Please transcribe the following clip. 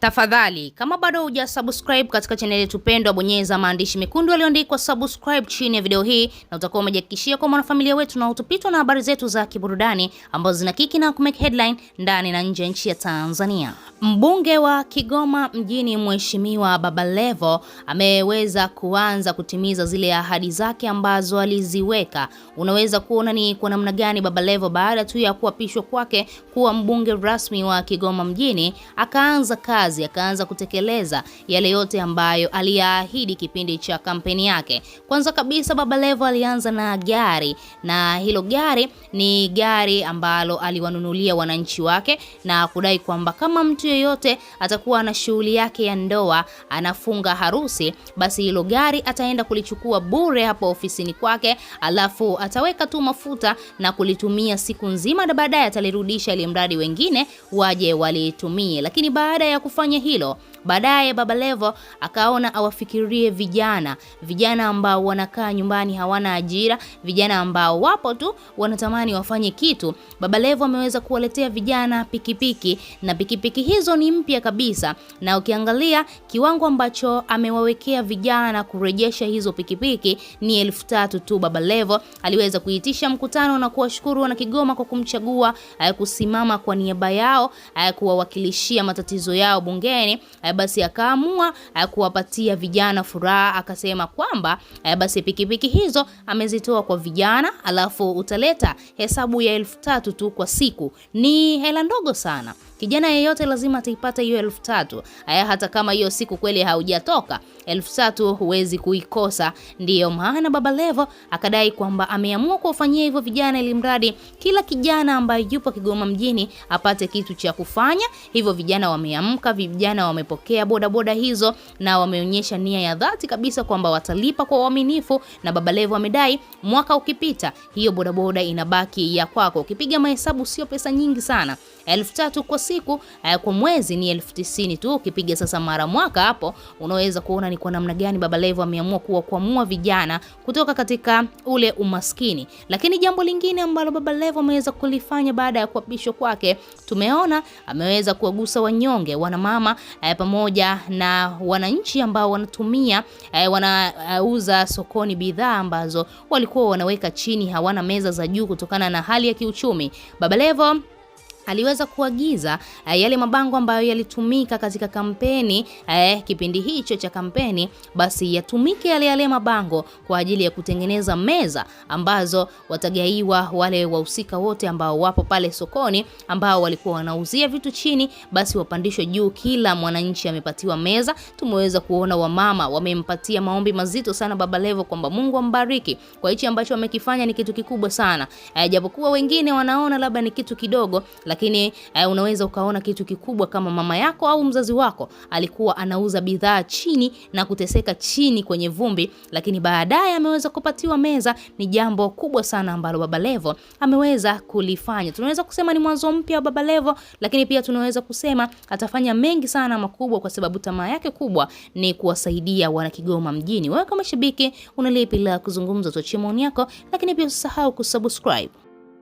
Tafadhali kama bado huja subscribe katika channel yetu pendwa, bonyeza maandishi mekundu yaliyoandikwa subscribe chini ya video hii, na utakuwa umejihakikishia kwa mwanafamilia wetu na utupitwa na habari zetu za kiburudani ambazo zina kiki na kumake headline ndani na nje ya nchi ya Tanzania. Mbunge wa Kigoma mjini Mheshimiwa Levo ameweza kuanza kutimiza zile ahadi zake ambazo aliziweka. Unaweza kuona ni kwa namna gani Levo baada tu ya kuapishwa kwake kuwa mbunge rasmi wa Kigoma mjini akaanza kazi kazi akaanza kutekeleza yale yote ambayo aliyaahidi kipindi cha kampeni yake. Kwanza kabisa, Baba Levo alianza na gari, na hilo gari ni gari ambalo aliwanunulia wananchi wake na kudai kwamba kama mtu yeyote atakuwa na shughuli yake ya ndoa, anafunga harusi, basi hilo gari ataenda kulichukua bure hapo ofisini kwake, alafu ataweka tu mafuta na kulitumia siku nzima, na baadaye atalirudisha ili mradi wengine waje walitumie. Lakini baada ya kufa kufanya hilo. Baadaye Baba Levo akaona awafikirie vijana, vijana ambao wanakaa nyumbani hawana ajira, vijana ambao wapo tu wanatamani wafanye kitu. Baba Levo ameweza kuwaletea vijana pikipiki piki, na pikipiki piki hizo ni mpya kabisa, na ukiangalia kiwango ambacho amewawekea vijana kurejesha hizo pikipiki piki, ni elfu tatu tu. Baba Levo aliweza kuitisha mkutano na kuwashukuru wana Kigoma kwa kumchagua kusimama kwa niaba yao kuwawakilishia matatizo yao bungeni, eh, basi akaamua eh, kuwapatia vijana furaha, akasema kwamba eh, basi pikipiki hizo amezitoa kwa vijana, alafu utaleta hesabu ya elfu tatu tu kwa siku. Ni hela ndogo sana. Kijana yeyote lazima ataipata hiyo elfu tatu. Haya, hata kama hiyo siku kweli haujatoka, elfu tatu huwezi kuikosa. Ndiyo maana Baba Levo akadai kwamba ameamua kuwafanyia hivyo vijana, ili mradi kila kijana ambaye yupo Kigoma mjini apate kitu cha kufanya. Hivyo vijana wameamka, vijana wamepokea bodaboda hizo na wameonyesha nia ya dhati kabisa kwamba watalipa kwa uaminifu, na Baba Levo amedai mwaka ukipita, hiyo bodaboda inabaki ya kwako. Ukipiga mahesabu sio pesa nyingi sana, elfu tatu kwa siku eh, kwa mwezi ni elfu tisini tu. Ukipiga sasa mara mwaka hapo unaweza kuona ni kwa namna gani Baba Levo ameamua kuwa vijana kutoka katika ule umaskini. Lakini jambo lingine ambalo Baba Levo ameweza kulifanya baada ya kuapishwa kwake, tumeona ameweza kuwagusa wanyonge, wanamama eh, pamoja na wananchi ambao wanatumia eh, wanauza sokoni bidhaa ambazo walikuwa wanaweka chini, hawana meza za juu kutokana na hali ya kiuchumi. Baba Levo aliweza kuagiza eh, yale mabango ambayo yalitumika katika kampeni eh, kipindi hicho cha kampeni, basi yatumike yale yale mabango kwa ajili ya kutengeneza meza ambazo watagaiwa wale wahusika wote ambao wapo pale sokoni ambao walikuwa wanauzia vitu chini, basi wapandishwe juu, kila mwananchi amepatiwa meza. Tumeweza kuona wamama wamempatia maombi mazito sana Baba Levo kwamba Mungu ambariki kwa hichi ambacho wamekifanya ni kitu kikubwa sana eh, japokuwa wengine wanaona labda ni kitu kidogo, lakini lakini eh, unaweza ukaona kitu kikubwa kama mama yako au mzazi wako alikuwa anauza bidhaa chini na kuteseka chini kwenye vumbi, lakini baadaye ameweza kupatiwa meza. Ni jambo kubwa sana ambalo Baba Levo ameweza kulifanya. Tunaweza kusema ni mwanzo mpya wa Baba Levo, lakini pia tunaweza kusema atafanya mengi sana makubwa, kwa sababu tamaa yake kubwa ni kuwasaidia wana Kigoma mjini. Wewe kama shabiki unalipi la kuzungumza? Tuachie maoni yako, lakini pia usisahau kusubscribe.